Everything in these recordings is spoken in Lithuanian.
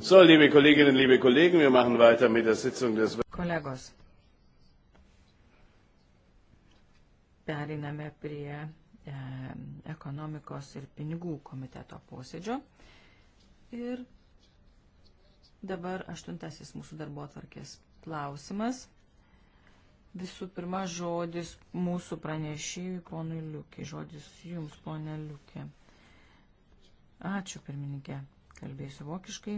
So, liebe Kolleginnen, liebe Kollegen, wir machen weiter mit der Sitzung des. Kolegos. Periname prie e, ekonomikos ir pinigų komiteto posėdžio. Ir dabar aštuntasis mūsų darbo atvarkės klausimas. Visų pirma, žodis mūsų pranešėjui, ponui Liukė. Žodis jums, ponė Liukė. Ačiū, pirmininkė kalbėsiu vokiškai.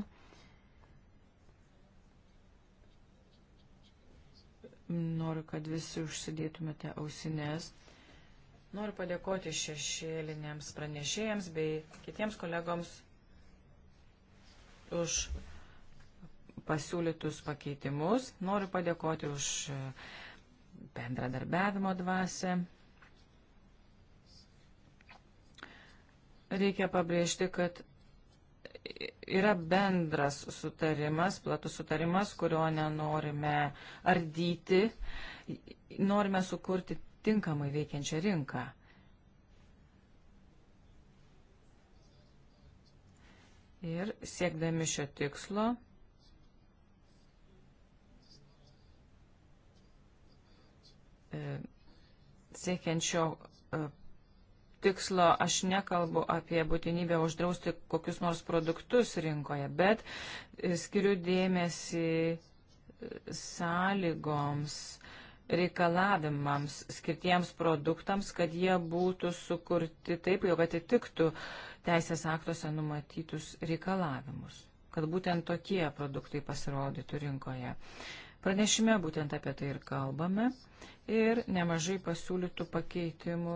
Noriu, kad visi užsidėtumėte ausinės. Noriu padėkoti šešėliniams pranešėjams bei kitiems kolegoms už pasiūlytus pakeitimus. Noriu padėkoti už e, bendradarbiavimo dvasę. Reikia pabrėžti, kad yra bendras sutarimas, platus sutarimas, kurio nenorime ardyti, norime sukurti tinkamai veikiančią rinką. Ir siekdami šio tikslo e, siekiančio e, tikslo aš nekalbu apie būtinybę uždrausti kokius nors produktus rinkoje, bet e, skiriu dėmesį e, sąlygoms, reikalavimams skirtiems produktams, kad jie būtų sukurti taip, jog atitiktų teisės aktuose numatytus reikalavimus, kad būtent tokie produktai pasirodytų rinkoje. Uh, Pranešime būtent apie tai ir kalbame. Ir nemažai pasiūlytų pakeitimų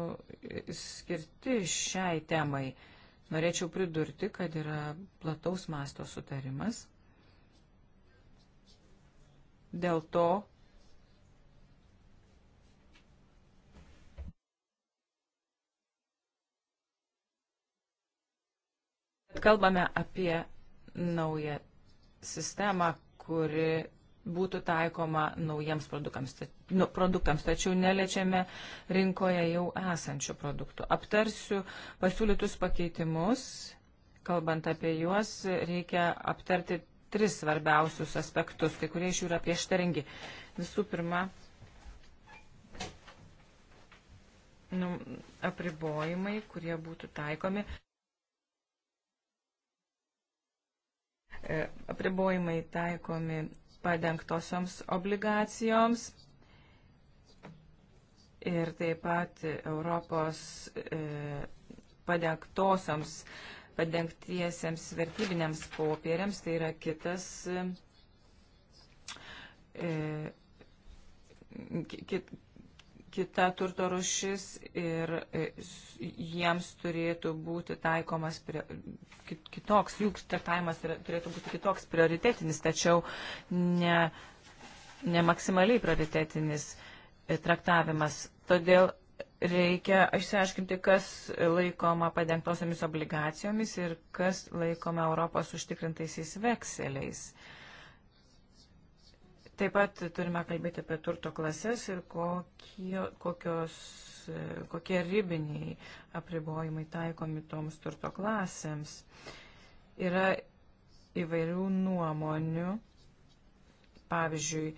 skirti šiai temai. Norėčiau pridurti, kad yra plataus masto sutarimas dėl to, kalbame apie naują sistemą, kuri būtų taikoma naujiems produktams, nu, produktams, tačiau neliečiame rinkoje jau esančių produktų. Aptarsiu pasiūlytus pakeitimus. Kalbant apie juos, reikia aptarti tris svarbiausius aspektus, kai kurie iš jų yra prieštaringi. Visų pirma, nu, apribojimai, kurie būtų taikomi. E, apribojimai taikomi padengtosioms obligacijoms ir taip pat Europos e, padengtosioms padengtiesiems vertybiniams popieriams, tai yra kitas, e, kit, kita turto rušis ir e, jiems turėtų būti taikomas prie, kitoks, jų traktavimas turėtų būti kitoks prioritetinis, tačiau ne, ne maksimaliai prioritetinis e, traktavimas. Todėl reikia išsiaiškinti, kas laikoma padengtosiamis obligacijomis ir kas laikoma Europos užtikrintaisiais vekseliais. Taip pat turime kalbėti apie turto klasės ir kokie, kokios, kokie ribiniai apribojimai taikomi toms turto klasėms. Yra įvairių nuomonių. Pavyzdžiui,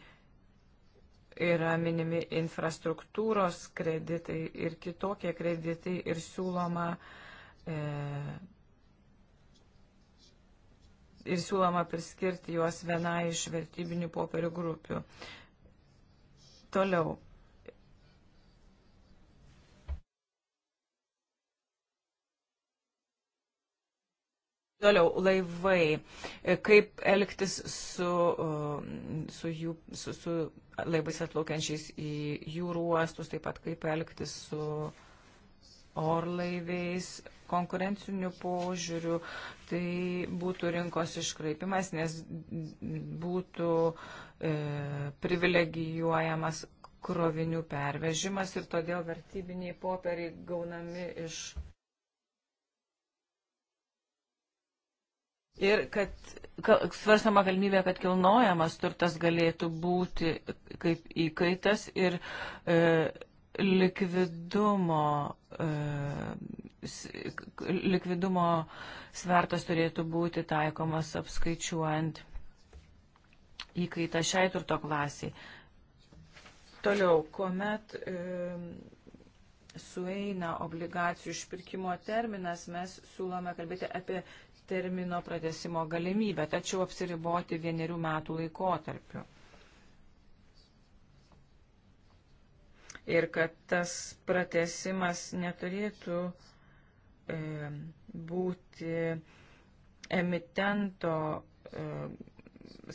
yra minimi infrastruktūros kreditai ir kitokie kreditai ir siūloma e, ir siūloma priskirti juos vienai iš vertybinių popierių grupių. Toliau. Toliau laivai. Kaip elgtis su, um, su, jų, su, su laivais atplaukiančiais į jūrų uostus, taip pat kaip elgtis su orlaiviais, konkurencinių požiūrių, tai būtų rinkos iškraipimas, nes būtų e, privilegijuojamas krovinių pervežimas ir todėl vertybiniai popieriai gaunami iš. Ir kad svarstama galimybė, kad kilnojamas turtas galėtų būti kaip įkaitas ir e, likvidumo, e, likvidumo svertas turėtų būti taikomas apskaičiuojant įkaitą šiai turto klasiai. Toliau, kuomet e, sueina obligacijų išpirkimo terminas, mes siūlome kalbėti apie termino pratesimo galimybę, tačiau apsiriboti vienerių metų laikotarpiu. ir kad tas pratesimas neturėtų e, būti emitento e,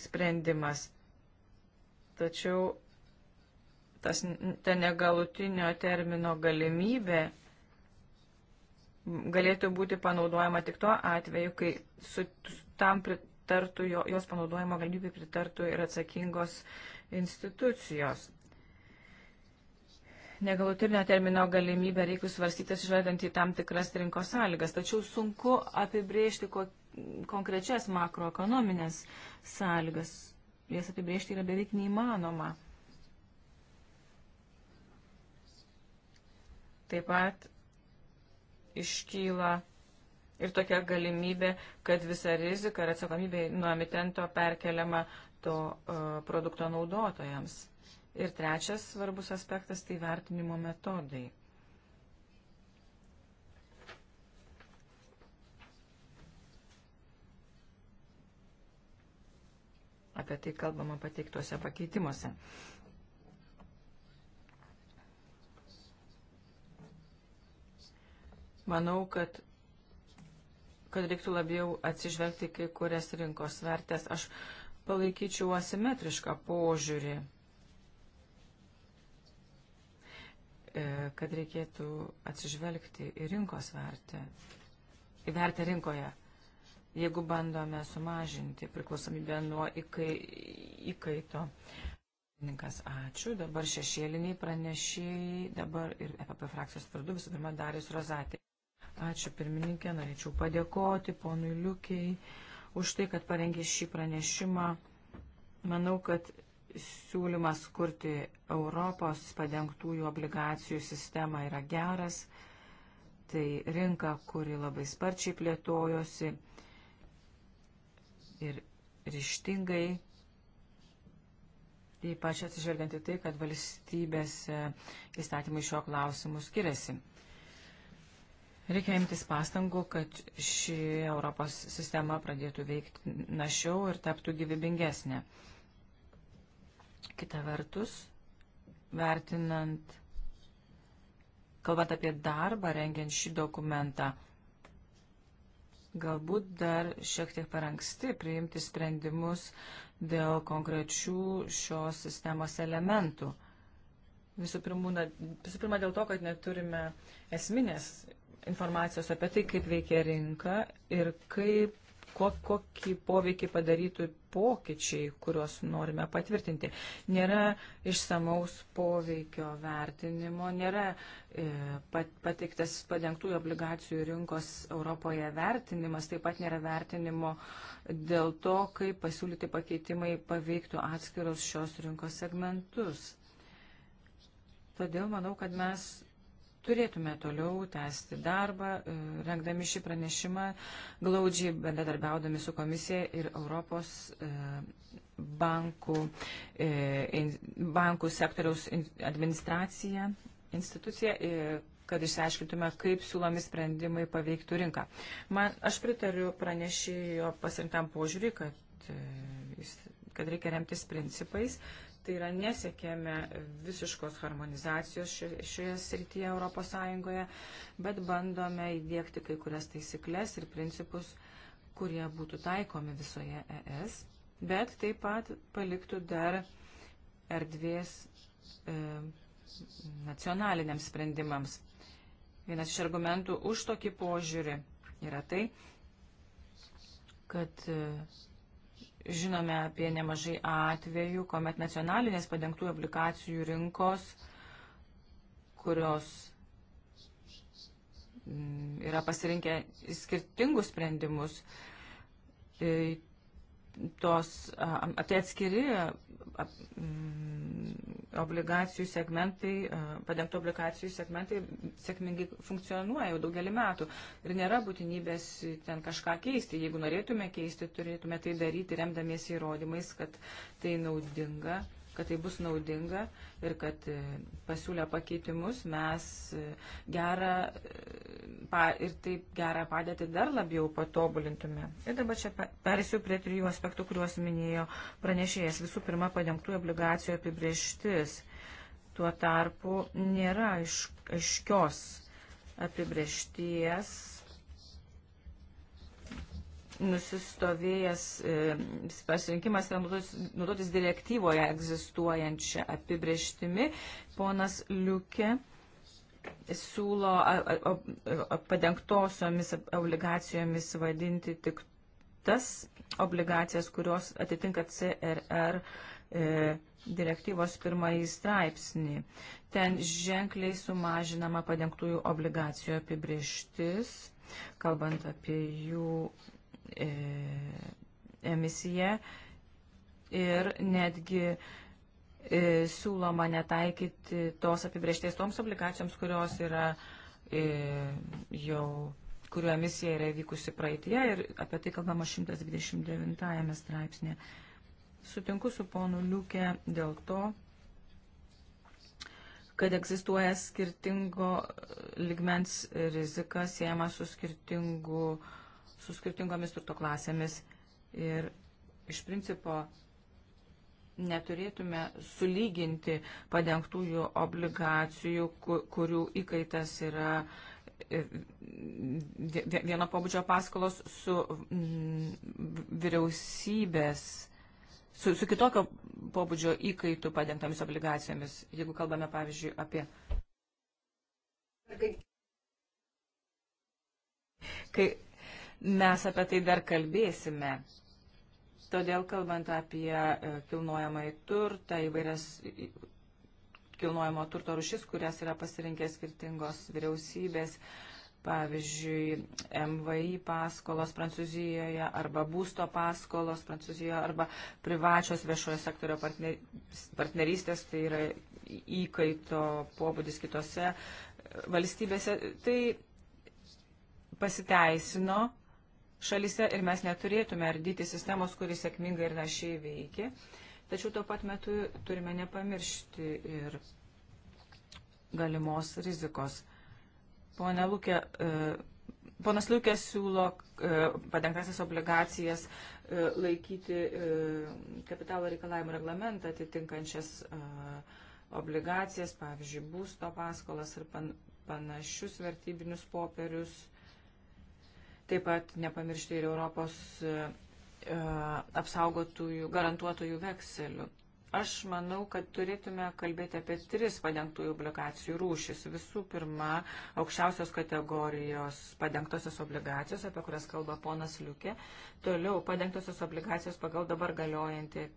sprendimas. Tačiau tas, ta negalutinio termino galimybė galėtų būti panaudojama tik tuo atveju, kai su, tam pritartų, jo, jos panaudojimo galimybė pritartų ir atsakingos institucijos negalutinio termino galimybę reiktų svarstyti atsižvelgiant į tam tikras rinkos sąlygas, tačiau sunku apibriežti ko, konkrečias makroekonominės sąlygas. Jas apibriežti yra beveik neįmanoma. Taip pat iškyla ir tokia galimybė, kad visa rizika ir atsakomybė nuo emitento perkeliama to uh, produkto naudotojams. Ir trečias svarbus aspektas tai vertinimo metodai. Apie tai kalbama pateiktuose pakeitimuose. Manau, kad kad reiktų labiau atsižvelgti kai kurias rinkos vertės. Aš palaikyčiau asimetrišką požiūrį E, kad reikėtų atsižvelgti į rinkos vertę, į vertę rinkoje, jeigu bandome sumažinti priklausomybę nuo įkai, įkaito. Ačiū, dabar šešėliniai pranešėjai, dabar ir EPP frakcijos vardu visų pirma Darius Rozatė. Ačiū pirmininkė, norėčiau padėkoti ponui Liukiai už tai, kad parengė šį pranešimą. Manau, kad siūlymas kurti Europos padengtųjų obligacijų sistemą yra geras. Tai rinka, kuri labai sparčiai plėtojosi ir ryštingai, ypač atsižvelgiant į tai, kad valstybės e, įstatymai šio klausimu skiriasi. Reikia imtis pastangų, kad ši Europos sistema pradėtų veikti našiau ir taptų gyvybingesnė. Kita vertus, vertinant, kalbant apie darbą rengiant šį dokumentą, galbūt dar šiek tiek per anksti priimti sprendimus dėl konkrečių šios sistemos elementų. Visų pirma, visų pirma dėl to, kad neturime esminės informacijos apie tai, kaip veikia rinka ir kaip kokį poveikį padarytų pokyčiai, kuriuos norime patvirtinti. Nėra išsamaus poveikio vertinimo, nėra e, pateiktas padengtųjų obligacijų rinkos Europoje vertinimas, taip pat nėra vertinimo dėl to, kaip pasiūlyti pakeitimai paveiktų atskirus šios rinkos segmentus. Todėl manau, kad mes turėtume toliau tęsti darbą, e, rengdami šį pranešimą, glaudžiai bendradarbiaudami su komisija ir Europos e, bankų, e, bankų sektoriaus administracija, institucija, kad išsiaiškintume, kaip siūlomi sprendimai paveiktų rinką. Man, aš pritariu pranešėjo pasirinktam požiūriui, kad, kad reikia remtis principais, Tai yra nesiekėme visiškos harmonizacijos šioje srityje ES, bet bandome įdėkti kai kurias taisyklės ir principus, kurie būtų taikomi visoje ES, bet taip pat paliktų dar erdvės e, nacionaliniams sprendimams. Vienas iš argumentų už tokį požiūrį yra tai, kad e, Žinome apie nemažai atvejų, kuomet nacionalinės padengtų aplikacijų rinkos, kurios mm, yra pasirinkę skirtingus sprendimus, e, tos, tai atskiri Mm, obligacijų segmentai, padengtų obligacijų segmentai sėkmingai funkcionuoja jau daugelį metų ir nėra būtinybės ten kažką keisti. Jeigu norėtume keisti, turėtume tai daryti remdamiesi įrodymais, kad tai naudinga kad tai bus naudinga ir kad e, pasiūlę pakeitimus mes e, gerą e, pa, ir taip gerą padėtį dar labiau patobulintume. Ir dabar čia perėsiu prie trijų aspektų, kuriuos minėjo pranešėjas. Visų pirma, padengtų obligacijų apibrieštis. Tuo tarpu nėra aiškios apibriešties nusistovėjęs e, pasirinkimas yra naudotis direktyvoje egzistuojančią apibrieštimi. Ponas Liukė siūlo padengtosiomis obligacijomis vadinti tik tas obligacijas, kurios atitinka CRR e, direktyvos pirmąjį straipsnį. Ten ženkliai sumažinama padengtųjų obligacijų apibrieštis, kalbant apie jų e, emisiją ir netgi e, siūloma netaikyti tos apibriešties toms obligacijoms, kurios yra e, jau kurio emisija yra įvykusi praeitie ir apie tai kalbama 129 straipsnė. Sutinku su ponu Liukė dėl to, kad egzistuoja skirtingo ligmens rizika siejama su skirtingu uh, su skirtingomis turto klasėmis ir iš principo neturėtume sulyginti padengtųjų obligacijų, kurių įkaitas yra e, vieno pobūdžio paskolos su mm, vyriausybės, su, su kitokio pobūdžio įkaitų padengtomis obligacijomis, jeigu kalbame, pavyzdžiui, apie. Kai, Mes apie tai dar kalbėsime. Todėl, kalbant apie e, kilnojamą į turtą, įvairias kilnojamo turto rušis, kurias yra pasirinkę skirtingos vyriausybės, pavyzdžiui, MVI paskolos Prancūzijoje arba būsto paskolos Prancūzijoje arba privačios viešojo sektorio partnerystės, tai yra įkaito pobūdis kitose e, valstybėse. Tai pasiteisino šalise ir mes neturėtume ardyti sistemos, kuris sėkmingai ir našiai veikia. Tačiau tuo pat metu turime nepamiršti ir galimos rizikos. Pone Lūkė, e, Ponas Liukė siūlo e, padengtasis obligacijas e, laikyti kapitalo reikalavimų reglamentą atitinkančias obligacijas, pavyzdžiui, būsto paskolas ir pan, panašius vertybinius popierius. Taip pat nepamiršti ir Europos uh, e, e, apsaugotųjų, garantuotojų vekselių. Aš manau, kad turėtume kalbėti apie tris padengtųjų obligacijų rūšis. Visų pirma, aukščiausios kategorijos padengtosios obligacijos, apie kurias kalba ponas Liukė. Toliau, padengtosios obligacijos pagal dabar galiojantį,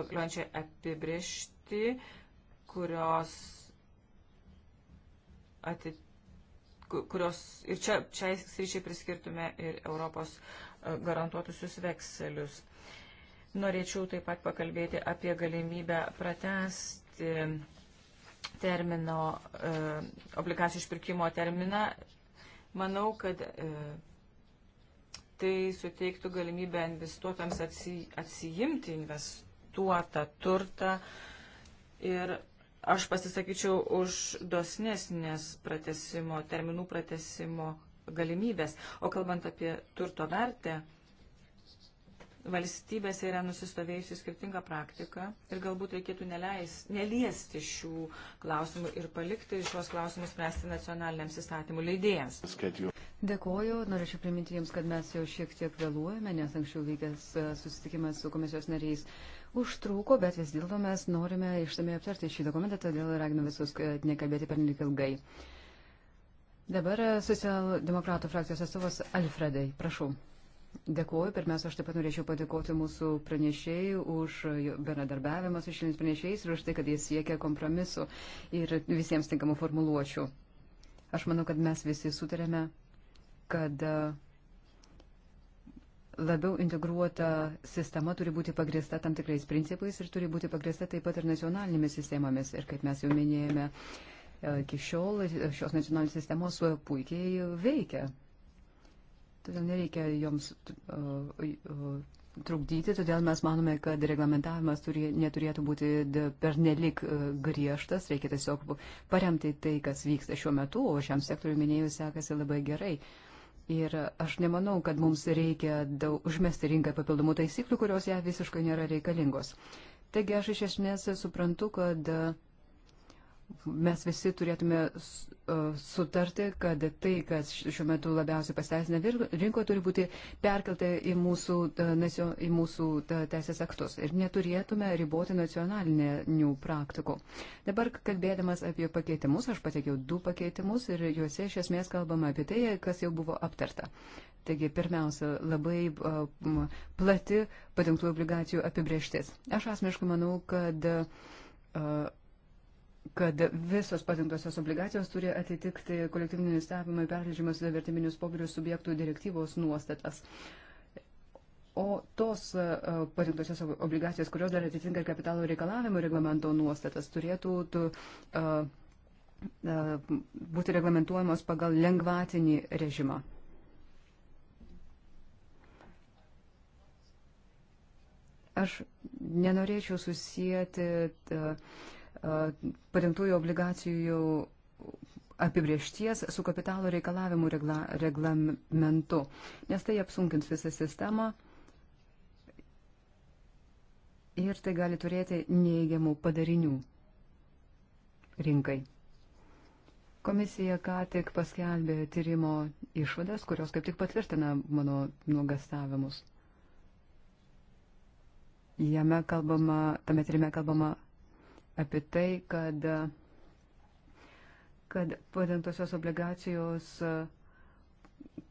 galiojančią apibriežtį, kurios atitinka kurios ir čia, čia sričiai priskirtume ir Europos e, garantuotusius vekselius. Norėčiau taip pat pakalbėti apie galimybę pratesti termino, e, obligacijų išpirkimo terminą. Manau, kad e, tai suteiktų galimybę investuotams atsijimti investuotą turtą ir Aš pasisakyčiau už dosnesnės pratesimo, terminų pratesimo galimybės. O kalbant apie turto vertę, valstybėse yra nusistovėjusi skirtinga praktika ir galbūt reikėtų neleis, neliesti šių klausimų ir palikti šios klausimus spręsti nacionaliniams įstatymų leidėjams. Dėkoju, norėčiau priminti Jums, kad mes jau šiek tiek vėluojame, nes anksčiau vykęs e, susitikimas su komisijos nariais užtruko, bet vis dėlto mes norime išsamei aptarti šį dokumentą, todėl raginu visus e, nekalbėti per nelik ilgai. Dabar e, socialdemokratų frakcijos atstovas Alfredai, prašau. Dėkuoju, pirmiausia, aš taip pat norėčiau padėkoti mūsų pranešėjai už bendradarbiavimą su šiandien pranešėjais ir už tai, kad jie siekia kompromisu ir visiems tinkamų formuluočių. Aš manau, kad mes visi sutarėme, kad uh, labiau integruota sistema turi būti pagrista tam tikrais principais ir turi būti pagrista taip pat ir nacionalinėmis sistemomis. Ir kaip mes jau minėjome, e, iki šiol šios nacionalinės sistemos puikiai veikia. Todėl nereikia joms e, e, trukdyti, todėl mes manome, kad reglamentavimas turi, neturėtų būti pernelik griežtas, reikia tiesiog paremti tai, kas vyksta šiuo metu, o šiam sektoriu minėjus sekasi labai gerai. Uh, Ir aš nemanau, kad mums reikia daug, užmesti rinką papildomų taisyklių, kurios ją visiškai nėra reikalingos. Taigi aš iš esmės suprantu, kad mes visi turėtume e, sutarti, kad tai, kas šiuo metu labiausiai pasteisina rinkoje, turi būti perkelta į mūsų, e, į mūsų e, teisės aktus ir neturėtume riboti nacionalinių praktikų. Dabar kalbėdamas apie pakeitimus, aš pateikiau du pakeitimus ir juose iš esmės kalbama apie tai, kas jau buvo aptarta. Taigi, pirmiausia, labai plati padengtų obligacijų apibrieštis. Aš asmeniškai manau, kad kad visos patentosios obligacijos turi atitikti kolektyvinį investavimą į perleidžiamas vertiminius popierius subjektų direktyvos nuostatas. O tos e, patentosios obligacijos, kurios dar atitinka kapitalo reikalavimo reglamento nuostatas, turėtų tu, a, e, a, e, būti reglamentuojamos pagal lengvatinį režimą. Aš nenorėčiau susijęti. Ta, padengtųjų obligacijų apibriešties su kapitalo reikalavimų regla, reglamentu, nes tai apsunkins visą sistemą ir tai gali turėti neįgiamų padarinių rinkai. Komisija ką tik paskelbė tyrimo išvadas, kurios kaip tik patvirtina mano nuogastavimus. Jame kalbama, tame tyrime kalbama apie tai, kad, kad padengtosios obligacijos,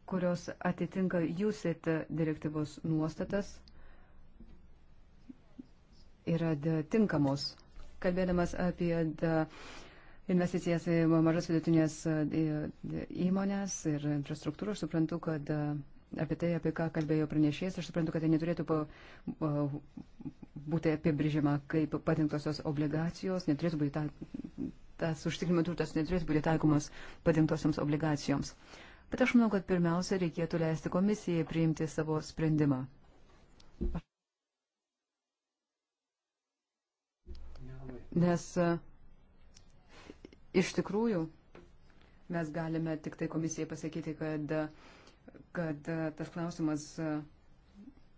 kurios atitinka jūsit direktyvos nuostatas, yra tinkamos. Kalbėdamas apie da, investicijas į mažas vidutinės e, e, įmonės ir infrastruktūrą. Aš suprantu, kad e, apie tai, apie ką kalbėjo pranešėjas, aš suprantu, kad tai neturėtų būti apibrėžiama kaip patinktosios obligacijos, neturėtų būti ta, tas užtikrinimo turtas, neturėtų būti taikomas patinktosioms obligacijoms. Bet aš manau, kad pirmiausia reikėtų leisti komisijai priimti savo sprendimą. Nes e, iš tikrųjų mes galime tik tai komisijai pasakyti, kad, kad e, tas klausimas e,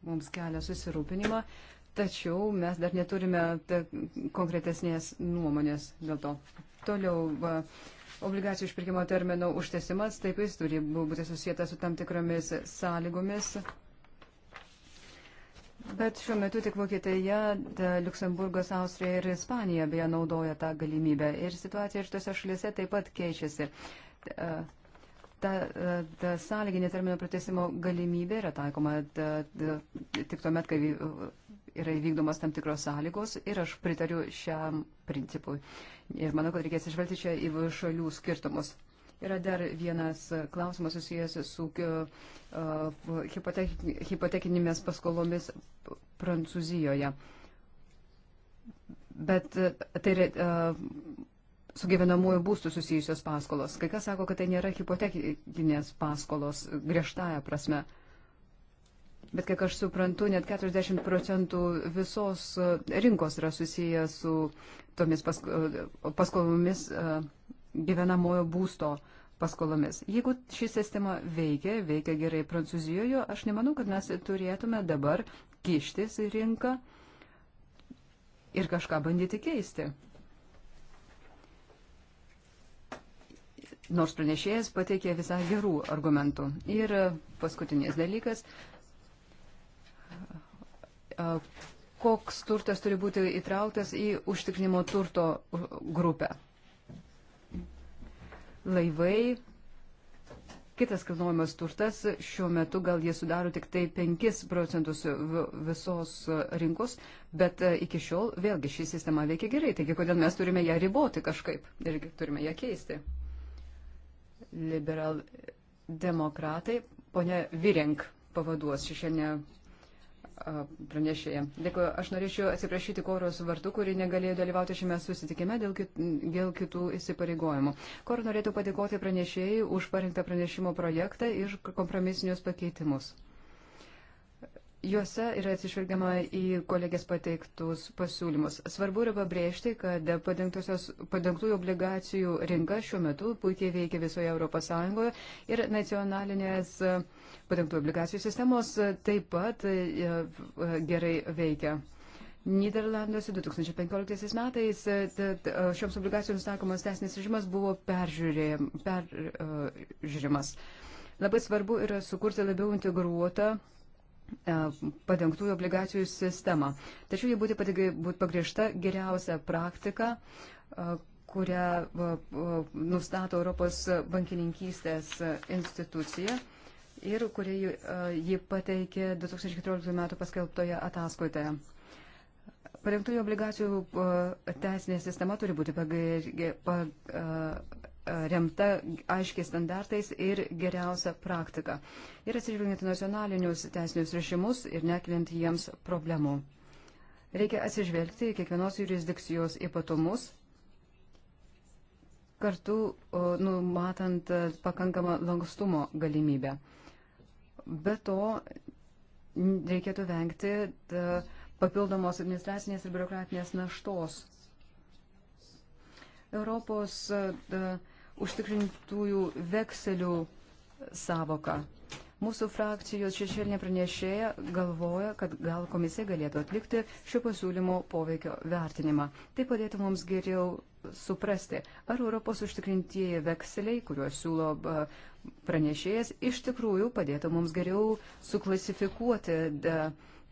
mums kelia susirūpinimą, tačiau mes dar neturime konkretesnės nuomonės dėl to. Toliau. Va, Obligacijų išpirkimo termino užtesimas, taip jis turi būti susijęta su tam tikromis sąlygomis. Bet šiuo metu tik Vokietija, Luksemburgas, Austrija ir Ispanija beje naudoja tą galimybę. Ir situacija ir tose šalise taip pat keičiasi. Uh, ta, ta sąlyginė termino pratesimo galimybė yra taikoma ta, ta, tik tuomet, kai yra įvykdomas tam tikros sąlygos ir aš pritariu šiam principui. Ir manau, kad reikės išvelgti čia į šalių skirtumus. Yra dar vienas klausimas susijęs su uh, hipotek, hipotekinėmis paskolomis Prancūzijoje. Bet uh, tai yra uh, su gyvenamųjų būstų susijusios paskolos. Kai kas sako, kad tai nėra hipotekinės paskolos griežtąją prasme. Bet kiek aš suprantu, net 40 procentų visos e, rinkos yra susiję su tomis e, paskolomis e, gyvenamojo būsto paskolomis. Jeigu ši sistema veikia, veikia gerai Prancūzijoje, aš nemanau, kad mes turėtume dabar kištis į rinką ir kažką bandyti keisti. nors pranešėjas pateikė visai gerų argumentų. Ir paskutinis dalykas, koks turtas turi būti įtrauktas į užtikrinimo turto grupę. Laivai, kitas kilnojamas turtas, šiuo metu gal jie sudaro tik tai 5 procentus visos rinkos, bet e, iki šiol vėlgi ši sistema veikia gerai, taigi kodėl mes turime ją riboti kažkaip ir turime ją keisti liberal demokratai. Pone Virenk pavaduos šiandien pranešėja. Dėkui, aš norėčiau atsiprašyti Koros vardu, kuri negalėjo dalyvauti šiame susitikime dėl, kit, dėl kitų įsipareigojimų. Kor norėtų padėkoti pranešėjai už parinktą pranešimo projektą ir kompromisinius pakeitimus. Juose yra atsižvelgiama į kolegės pateiktus pasiūlymus. Svarbu yra pabrėžti, kad padengtųjų obligacijų rinka šiuo metu puikiai veikia visoje ES ir nacionalinės padengtųjų obligacijų sistemos taip pat e, e, gerai veikia. Niderlanduose 2015 metais e, šioms obligacijoms takomas tesnis režimas buvo peržiūrimas. Labai svarbu yra sukurti labiau integruotą E, padengtųjų obligacijų sistemą. Tačiau jie būtų, būtų pagrįžta geriausia praktika, e, kurią e, nustato Europos bankininkystės institucija ir kurį ji pateikė 2014 m. paskelbtoje ataskaitoje. Parengtųjų obligacijų teisinė sistema turi būti remta aiškiai standartais ir geriausia praktika. Ir atsižvelgiant nacionalinius teisinius režimus ir nekeliant jiems problemų. Reikia atsižvelgti į kiekvienos jurisdikcijos ypatumus, kartu numatant pakankamą lankstumo galimybę. Be to, reikėtų vengti papildomos administracinės ir biurokratinės naštos. Europos uh, užtikrintųjų vekselių savoką. Mūsų frakcijos šešėlinė pranešėja galvoja, kad gal komisija galėtų atlikti šio pasiūlymo poveikio vertinimą. Tai padėtų mums geriau suprasti, ar Europos užtikrintieji vekseliai, kuriuos siūlo pranešėjas, iš tikrųjų padėtų mums geriau suklasifikuoti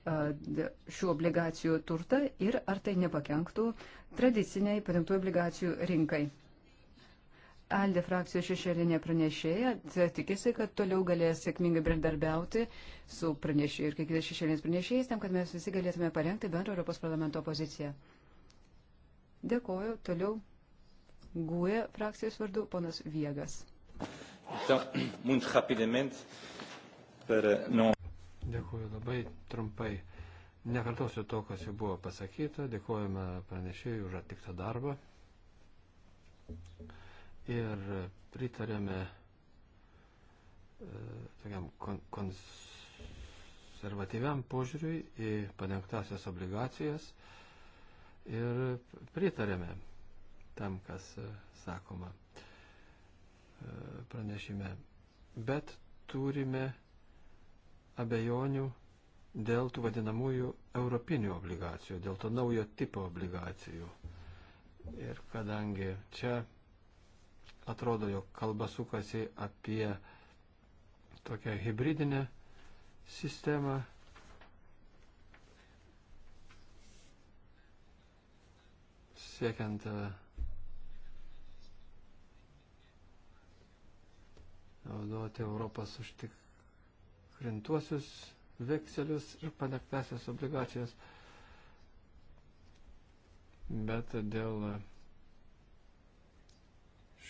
šių obligacijų turtą ir ar tai nepakenktų tradiciniai padengtų obligacijų rinkai. Alde frakcijos šešėlinė pranešėja tikisi, kad toliau galės sėkmingai bendarbiauti su pranešėjais ir kiekvienais šešėlinės pranešėjais, tam, kad mes visi galėtume parengti bendrą Europos parlamento poziciją. Dėkoju. Toliau GUE frakcijos vardu ponas Viegas. Dėkuoju labai trumpai. Nekartosiu to, kas jau buvo pasakyta. Dėkojame pranešėjui už atliktą darbą. Thank you ir pritarėme e, tokiam konservatyviam požiūriui į padengtasias obligacijas ir pritarėme tam, kas e, sakoma e, pranešime. Bet turime abejonių dėl tų vadinamųjų europinių obligacijų, dėl to naujo tipo obligacijų. Ir kadangi čia atrodo, jog kalba sukasi apie tokią hybridinę sistemą. Siekiant e, naudoti Europos užtikrintuosius vekselius ir padektasias obligacijas, bet dėl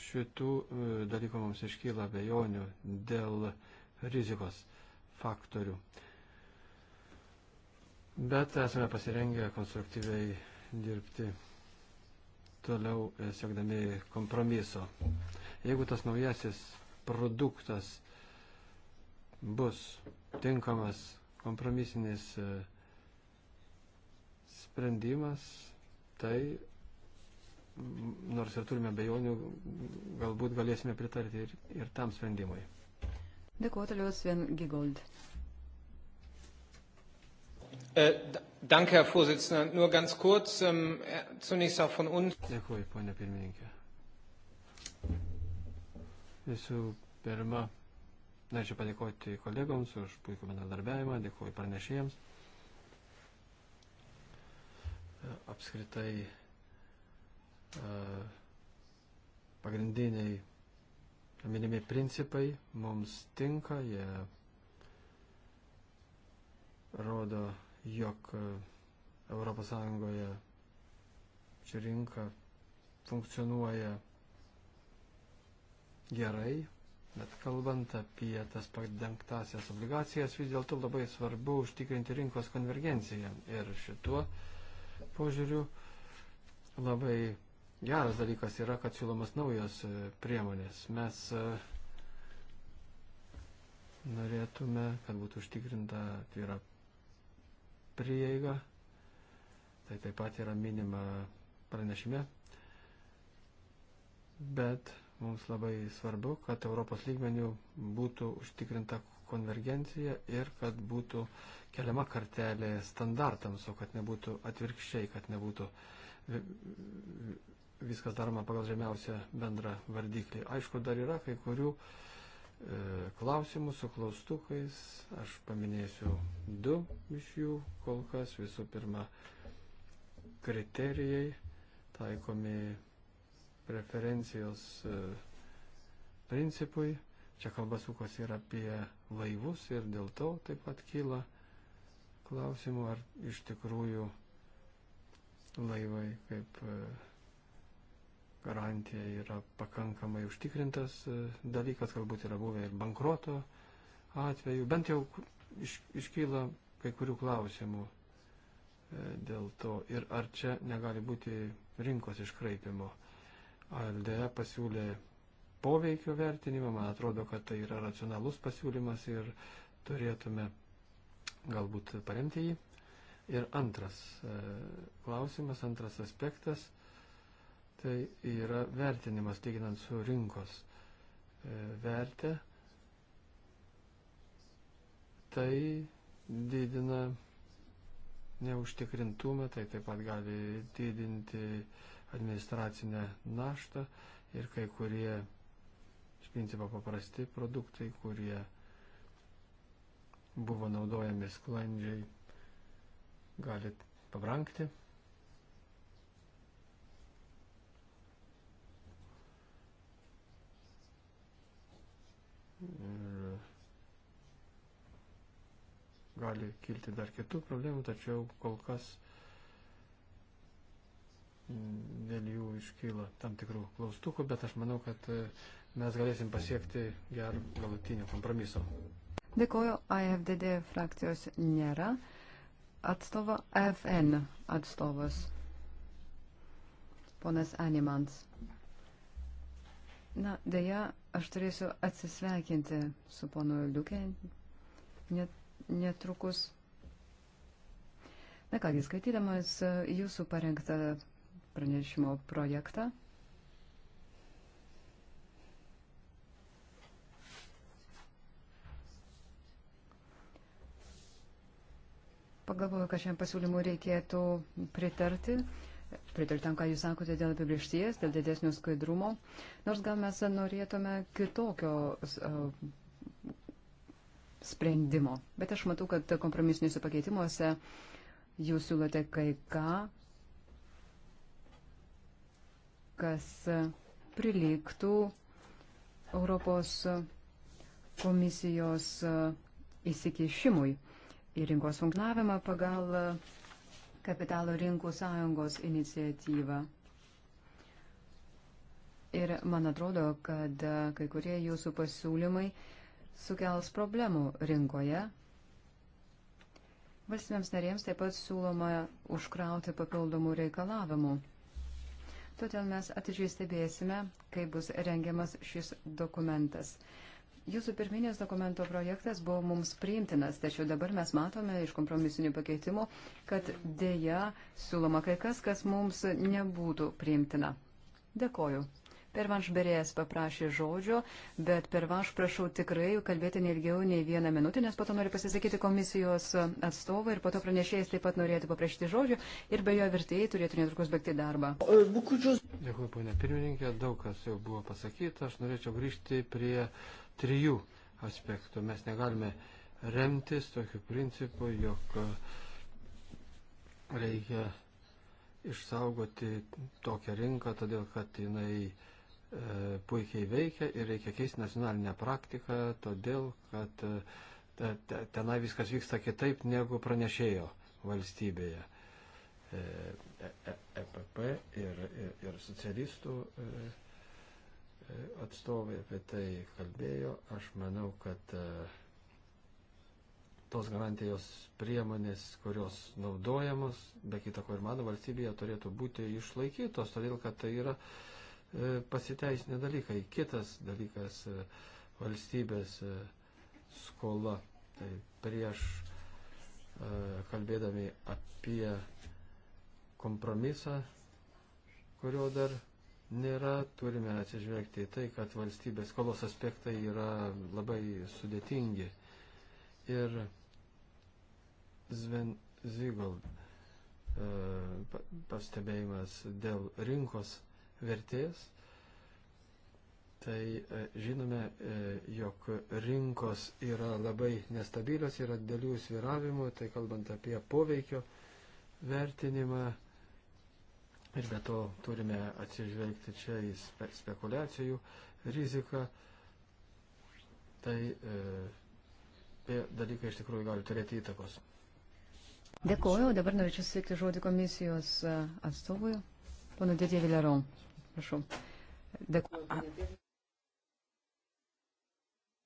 šitų e, dalykų mums iškyla bejonių dėl rizikos faktorių. Bet esame pasirengę konstruktyviai dirbti toliau e, siekdami kompromiso. Jeigu tas naujasis produktas bus tinkamas kompromisinis e, sprendimas, tai nors ir turime bejonių, galbūt galėsime pritarti ir, ir tam sprendimui. Dėkuoju toliau Sven Gigold. E, danke, Herr Vorsitzender. Nur ganz kurz, ähm, zunächst auch von uns. Dėkuoju, ponia pirmininkė. Visų pirma, norėčiau padėkoti kolegoms už puikų bendradarbiavimą, dėkuoju pranešėjams. Apskritai E, pagrindiniai minimi principai mums tinka, jie rodo, jog ES ši rinka funkcionuoja gerai, bet kalbant apie tas padengtasias obligacijas, vis dėlto labai svarbu užtikrinti rinkos konvergenciją. Ir šituo požiūriu labai Geras dalykas yra, kad siūlomas naujos e, priemonės. Mes e, norėtume, kad būtų užtikrinta tvyra tai prieiga. Tai taip pat yra minima pranešime. Bet mums labai svarbu, kad Europos lygmenių būtų užtikrinta konvergencija ir kad būtų keliama kartelė standartams, o kad nebūtų atvirkščiai, kad nebūtų viskas daroma pagal žemiausią bendrą vardiklį. Aišku, dar yra kai kurių e, klausimų su klaustukais. Aš paminėsiu du iš jų kol kas. Visų pirma, kriterijai taikomi preferencijos e, principui. Čia kalba sukosi ir apie laivus ir dėl to taip pat kyla klausimų, ar iš tikrųjų laivai kaip. E, garantija yra pakankamai užtikrintas e, dalykas, galbūt yra buvę ir bankroto atveju, bent jau iš, iškyla kai kurių klausimų e, dėl to ir ar čia negali būti rinkos iškraipimo. ALDE pasiūlė poveikio vertinimą, man atrodo, kad tai yra racionalus pasiūlymas ir turėtume galbūt paremti jį. Ir antras e, klausimas, antras aspektas Tai yra vertinimas, lyginant su rinkos e, vertę. Tai didina neužtikrintumą, tai taip pat gali didinti administracinę naštą ir kai kurie iš principo paprasti produktai, kurie buvo naudojami sklandžiai, gali pabrangti. gali kilti dar kitų problemų, tačiau kol kas dėl jų iškyla tam tikrų klaustukų, bet aš manau, kad e, mes galėsim pasiekti gerų galutinių kompromisų. Dėkoju, AFDD frakcijos nėra. Atstovo FN atstovas. Ponas Animans. Na, dėja, aš turėsiu atsisveikinti su ponu Liukė, net netrukus. Na kągi, skaitydamas jūsų parengtą pranešimo projektą. Pagalvoju, kad šiam pasiūlymui reikėtų pritarti. Pritariu tam, ką jūs sakote dėl apibriešties, dėl didesnio skaidrumo. Nors gal mes norėtume kitokio uh, sprendimo. Bet aš matau, kad kompromisiniuose pakeitimuose jūs siūlote kai ką, kas priliktų Europos komisijos įsikišimui į rinkos funkcionavimą pagal kapitalo rinkų sąjungos iniciatyvą. Ir man atrodo, kad kai kurie jūsų pasiūlymai uh, sukels problemų rinkoje. Valstybėms narėms taip pat siūloma užkrauti papildomų reikalavimų. Todėl mes atidžiai stebėsime, kaip bus rengiamas šis dokumentas. Jūsų pirminės dokumento projektas buvo mums priimtinas, tačiau dabar mes matome iš kompromisinių pakeitimų, kad dėja siūloma kai kas, kas mums nebūtų priimtina. Dėkoju. Pervanš Berėjas paprašė žodžio, bet pervanš prašau tikrai kalbėti neilgiau nei vieną minutę, nes po to noriu pasisakyti komisijos atstovą ir po to pranešėjas taip pat norėtų paprašyti žodžio ir be jo vertėjai turėtų netrukus baigti darbą. Dėkui, ponia pirmininkė, daug kas jau buvo pasakyta, aš norėčiau grįžti prie trijų aspektų. Mes negalime remtis tokiu principu, jog uh, reikia išsaugoti tokią rinką, todėl kad jinai E, puikiai veikia ir reikia keisti nacionalinę praktiką, todėl kad e, tenai viskas vyksta kitaip negu pranešėjo valstybėje. EPP e, ir, ir, ir socialistų atstovai apie tai kalbėjo. Aš manau, kad tos garantijos priemonės, kurios naudojamos, be kita ko ir mano valstybėje, turėtų būti išlaikytos, todėl kad tai yra uh, E, pasiteisinę dalykai. Kitas dalykas e, - valstybės e, skola. Tai prieš kalbėdami apie kompromisą, kurio dar nėra, turime atsižvelgti į tai, kad valstybės skolos aspektai yra labai sudėtingi. Ir Sven Zygold pastebėjimas dėl rinkos vertės, tai e, žinome, e, jog rinkos yra labai nestabilios, yra dėlių sviravimų, tai kalbant apie poveikio vertinimą. Ir be to turime atsižvelgti čia į spe spekulacijų riziką. Tai e, dalykai iš tikrųjų gali turėti įtakos. Dėkuoju, dabar norėčiau sveikti žodį komisijos e, atstovui, panu Didė Vileron. Prašau. Dėkuoju.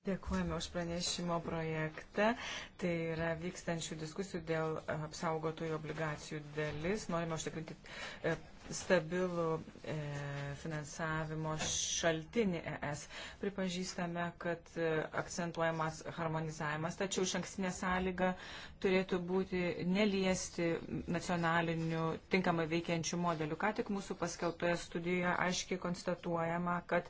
Dėkuojame už pranešimo projektą. Tai yra vykstančių diskusijų dėl apsaugotojų obligacijų dalis. Norime užtikrinti e, stabilų e, finansavimo šaltinį ES. Pripažįstame, kad e, akcentuojamas harmonizavimas, tačiau iš ankstinė sąlyga turėtų būti neliesti nacionalinių tinkamai veikiančių modelių. Ką tik mūsų paskelbtoje studijoje aiškiai konstatuojama, kad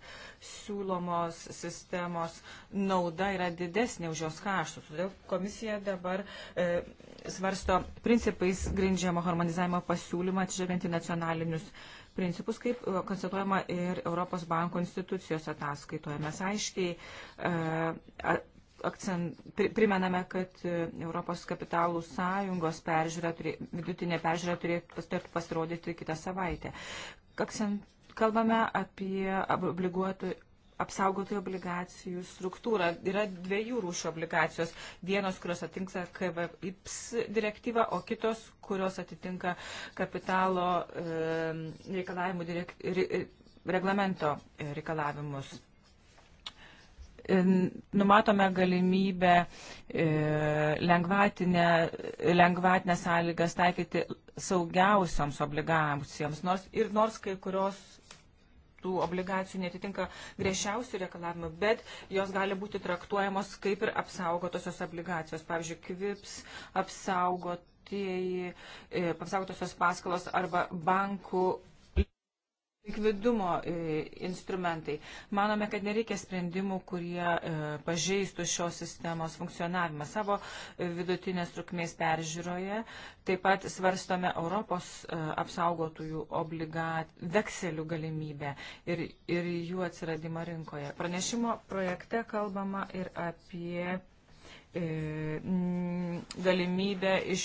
siūlomos sistemos nauda yra didesnė už jos kaštus. Todėl komisija dabar e, svarsto principais grindžiamo harmonizavimo pasiūlymą atsižvelgiant į nacionalinį nacionalinius principus, kaip e, konstatuojama ir Europos banko institucijos ataskaitoje. Mes aiškiai e, akcent, primename, kad e, Europos kapitalų sąjungos peržiūra, turė, vidutinė peržiūra turėtų pasirodyti kitą savaitę. Akcent, kalbame apie obliguotų apsaugotojų obligacijų struktūrą. Yra dviejų rūšių obligacijos. Vienos, kurios atitinka KVIPS direktyvą, o kitos, kurios atitinka kapitalo e, reikalavimų direk, re, reglamento e, reikalavimus. Numatome galimybę e, lengvatinę, lengvatinę sąlygas taikyti saugiausioms obligacijoms, nors ir nors kai kurios tų obligacijų netitinka griežčiausių reikalavimų, bet jos gali būti traktuojamos kaip ir apsaugotosios obligacijos. Pavyzdžiui, kvips apsaugotieji, e, apsaugotosios paskolos arba bankų likvidumo e, instrumentai. Manome, kad nereikia sprendimų, kurie e, pažeistų šios sistemos funkcionavimą. Savo e, vidutinės trukmės peržiūroje taip pat svarstome Europos apsaugotųjų obligat, vekselių galimybę ir, ir jų atsiradimą rinkoje. Pranešimo projekte kalbama ir apie E, mm, galimybę iš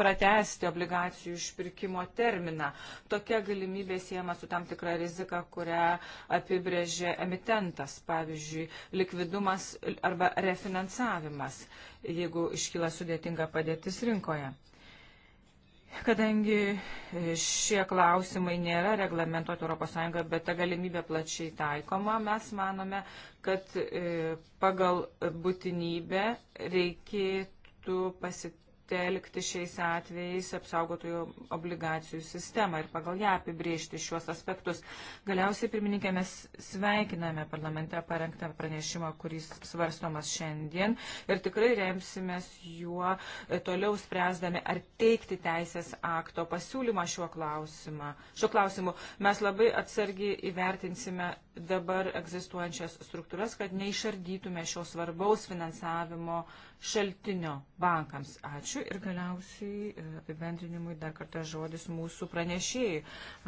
pratesti obligacijų išpirkimo terminą. Tokia galimybė siejama su tam tikra rizika, kurią apibrėžė emitentas, pavyzdžiui, likvidumas arba refinansavimas, jeigu iškyla sudėtinga padėtis rinkoje. Kadangi e, šie klausimai nėra reglamentuoti ES, bet ta galimybė plačiai taikoma, mes manome, kad e, pagal būtinybę reikėtų pasitikti pasitelkti šiais atvejais apsaugotojų obligacijų sistemą ir pagal ją apibriežti šiuos aspektus. Galiausiai, pirmininkė, mes sveikiname parlamente parengtą pranešimą, kuris svarstomas šiandien ir tikrai remsimės juo e, toliau spręsdami, ar teikti teisės akto pasiūlymą šiuo klausimą. Šiuo klausimu mes labai atsargiai įvertinsime dabar egzistuojančias struktūras, kad neišardytume šio svarbaus finansavimo šaltinio bankams. Ačiū ir galiausiai e, apibendrinimui dar kartą žodis mūsų pranešėjai.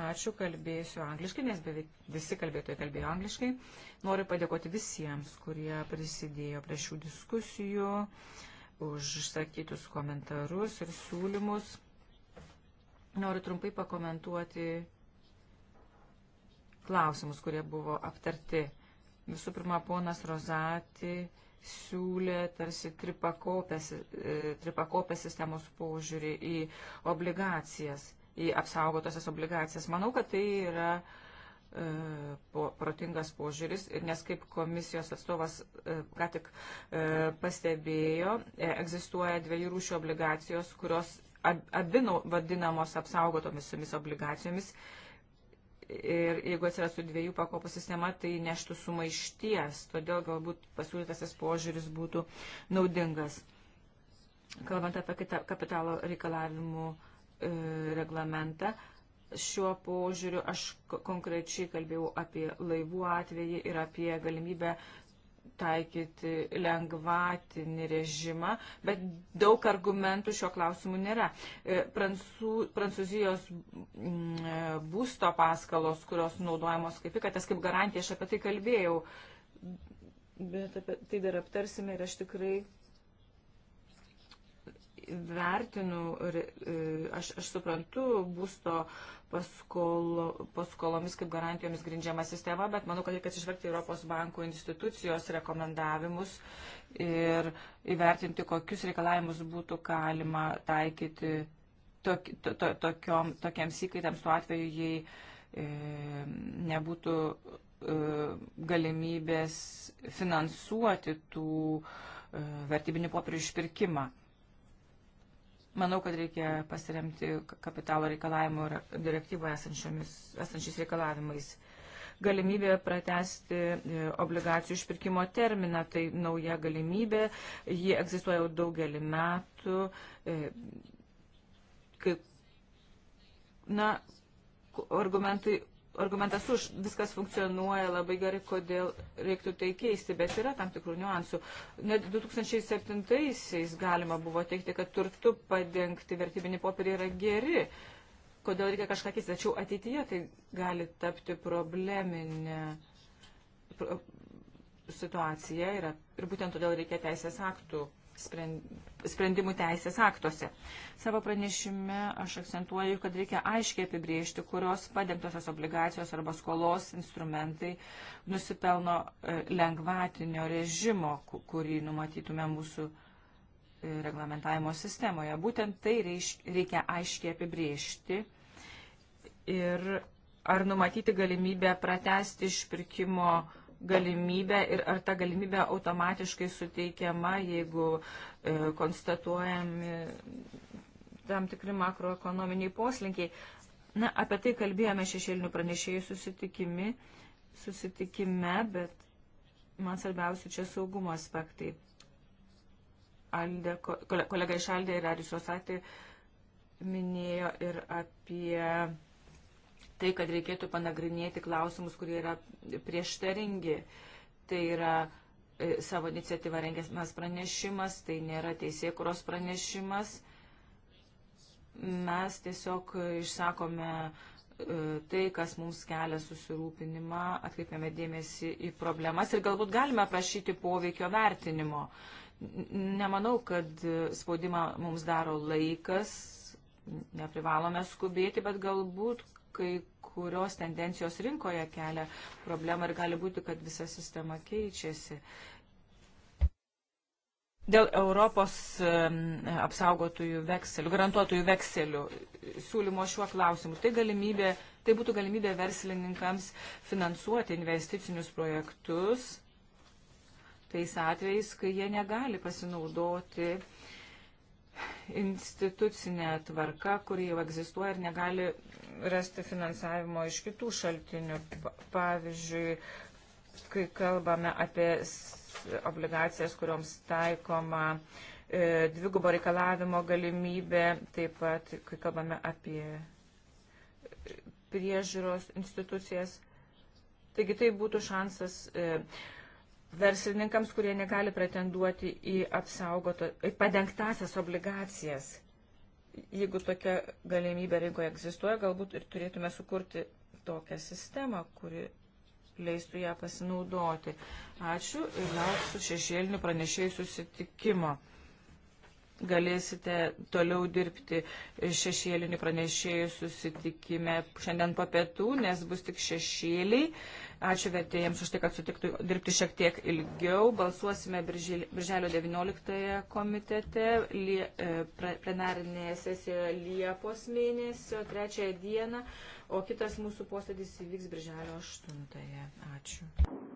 Ačiū, kalbėsiu angliškai, nes beveik visi kalbėtojai kalbėjo angliškai. Noriu padėkoti visiems, kurie prisidėjo prie šių diskusijų, už išsakytus komentarus ir siūlymus. Noriu trumpai pakomentuoti klausimus, kurie buvo aptarti. Visų pirma, ponas Rozati siūlė tarsi tripakopės, e, tripakopės sistemos požiūrį į obligacijas, į apsaugotasias obligacijas. Manau, kad tai yra e, po, protingas požiūris, nes kaip komisijos atstovas e, ką tik e, pastebėjo, e, egzistuoja dviejų rūšių obligacijos, kurios ab, abi nu, vadinamos apsaugotomis obligacijomis. obligacijomis ir jeigu atsirastų dviejų pakopų sistema, tai neštų sumaišties, todėl galbūt pasiūlytasis požiūris būtų naudingas. Kalbant apie kitą kapitalo reikalavimų e, reglamentą, šiuo požiūriu aš konkrečiai kalbėjau apie laivų atvejį ir apie galimybę taikyti lengvatinį režimą, bet daug argumentų šio klausimu nėra. E, Prancū, prancūzijos mm, e, būsto paskalos, kurios naudojamos kaip įkatės, kaip garantija, aš apie tai kalbėjau, bet apie tai dar aptarsime ir aš tikrai vertinu, e, aš, aš suprantu būsto paskolo, paskolomis kaip garantijomis grindžiama sistema, bet manau, kad reikia atsižvelgti Europos bankų institucijos rekomendavimus ir įvertinti, kokius reikalavimus būtų galima taikyti tok, to, to, tokiom, tokiems įkaitams tuo atveju, jei e, nebūtų e, galimybės finansuoti tų e, vertybinių popierių išpirkimą. Manau, kad reikia pasiremti kapitalo reikalavimo direktyvoje esančiais reikalavimais. Galimybė pratesti e, obligacijų išpirkimo terminą, tai nauja galimybė, ji egzistuoja jau daugelį metų. E, kai, na, argumentai argumentas už, viskas funkcionuoja labai gerai, kodėl reiktų tai keisti, bet yra tam tikrų niuansų. Net 2007-aisiais galima buvo teikti, kad turtu padengti vertybinį popierį yra geri, kodėl reikia kažką keisti, tačiau ateityje tai gali tapti probleminė situacija yra, ir būtent todėl reikia teisės aktų sprendimų teisės aktuose. Savo pranešime aš akcentuoju, kad reikia aiškiai apibriežti, kurios padengtosios obligacijos arba skolos instrumentai nusipelno e, lengvatinio režimo, kurį numatytume mūsų e, reglamentavimo sistemoje. Būtent tai reikia aiškiai apibriežti ir ar numatyti galimybę pratesti išpirkimo galimybę ir ar ta galimybė automatiškai suteikiama, jeigu e, konstatuojami tam tikri makroekonominiai poslinkiai. Na, apie tai kalbėjome šešėlinių pranešėjų susitikimi, susitikime, bet man svarbiausia čia saugumo aspektai. Alde, kolega iš Aldė ir Arisos atė minėjo ir apie tai, kad reikėtų panagrinėti klausimus, kurie yra prieštaringi. Tai yra e, savo iniciatyvą rengęs pranešimas, tai nėra teisėkuros pranešimas. Mes tiesiog išsakome e, tai, kas mums kelia susirūpinimą, atkreipiame dėmesį į problemas ir galbūt galime prašyti poveikio vertinimo. Nemanau, kad e, spaudimą mums daro laikas, neprivalome skubėti, bet galbūt kai kurios tendencijos rinkoje kelia problemą ir gali būti, kad visa sistema keičiasi. Dėl Europos apsaugotųjų vekselių, garantuotųjų vekselių siūlymo šiuo klausimu, tai, galimybė, tai būtų galimybė verslininkams finansuoti investicinius projektus tais atvejais, kai jie negali pasinaudoti uh, institucinė tvarka, kuri jau egzistuoja ir negali rasti finansavimo iš kitų šaltinių. Pavyzdžiui, kai kalbame apie obligacijas, kuriuoms taikoma e, dvigubo reikalavimo galimybė, taip pat, kai kalbame apie e, priežiūros institucijas. Taigi tai būtų šansas e, verslininkams, kurie negali pretenduoti į apsaugoto, į padengtasias obligacijas. Jeigu tokia galimybė rinkoje egzistuoja, galbūt ir turėtume sukurti tokią sistemą, kuri leistų ją pasinaudoti. Ačiū ir lauksiu šešėlinių pranešėjų susitikimo. Galėsite toliau dirbti šešėlinių pranešėjų susitikime šiandien po pietų, nes bus tik šešėliai. Ačiū vertėjams už tai, kad sutiktų dirbti šiek tiek ilgiau. Balsuosime Birželio 19 komitete, lie, e, plenarinėje sesijoje Liepos mėnesio, trečiąją dieną, o kitas mūsų posėdis įvyks Birželio 8. Ačiū.